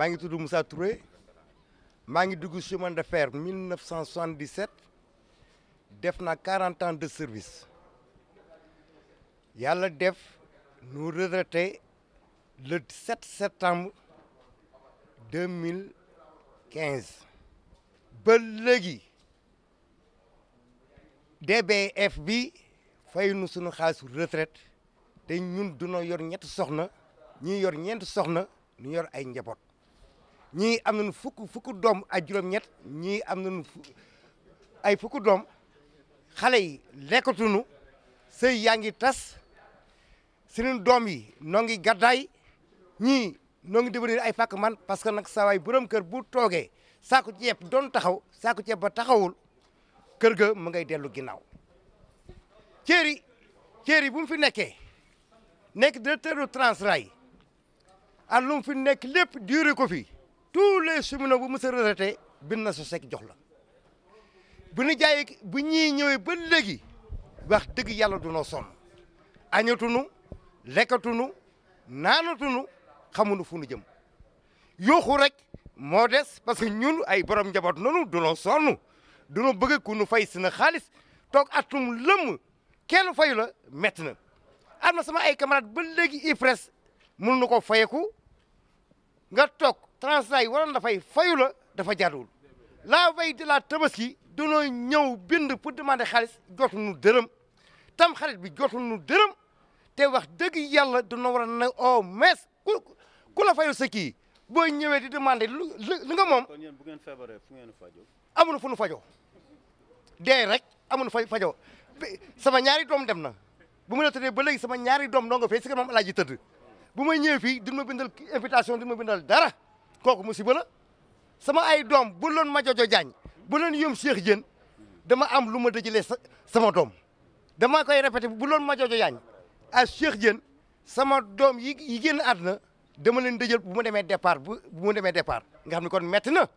maa ngi tudd Moussa Touré maa ngi dugg chemin de fer 1977 def na 40 ans de service yàlla def nu retraité le 7 septembre 2015 ba léegi DBF bi fay nu sunu xaalisu retraite te ñun duna yor ñetti soxna ñi yor ñeenti soxna ñu yor ay njaboot ñii am nañu fukk fukk doom ak juróom-ñett ñii am nañu ay fukk doom xale yi lekkatunu sëy yaa ngi tas suñu doom yi noo ngi gàddaay ñii noo ngi devenir ay fàkk man parce que nag saa waay borom kër bu toogee saako ceeb doon taxaw saako ceeb ba taxawul kër ga mu ngay dellu ginnaaw céeri céeri bu mu fi nekkee nekk directeur de Transrail ak lu fi nekk lépp duré ko fi tous les cheminots bu mos a retraité bind na sa chèque jox la bu nu jaayee bu ñuy ñëwee ba léegi wax dëgg yàlla du noo sonn añatunu lekkatunu naanatunu xamunu fu nu jëm yuuxu rek moo des parce que ñun ay borom njaboot noonu du noo sonn du ku nu fay si na xaalis toog atum lëmm kenn fayu la métti na am na sama ay camarade ba léegi IPRES mënu nu ko fayeku nga toog translat yi waroon na fay fayu la dafa jaaduwul la veille de la tabaski danoo ñëw bind pour demander xaalis jotuñu dërëm tam xarit bi jotuñu dërëm te wax dëgg yàlla danoo war a na au oh, moins ku ku la fayul sa kii boo ñëwee di demander lu li nga moom. kon yéen bu ngeen feebaree fu ngeen fajoo. amuñu fu nu fajoo dee rek amuñu fa fajoo sama ñaari doom dem na bu ma la tëddee ba léegi sama ñaari doom doo nga fee si kanam alaaji tëdd bu may ñëwee fii dina ma bindal invitation dina ma bindal dara. kooku musiba la sama ay doom bu loon ma jojo jaañ bu loon yom Cheikh Diène dama am lu ma dëjëlee sama doom dama koy répété bu loon ma jojo jaañ a Cheikh Diène sama doom yi yi génn àdduna dama leen dëjël bu mu demee départ bu mu demee départ nga xam ne kon metti na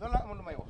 loolu laa lu may wax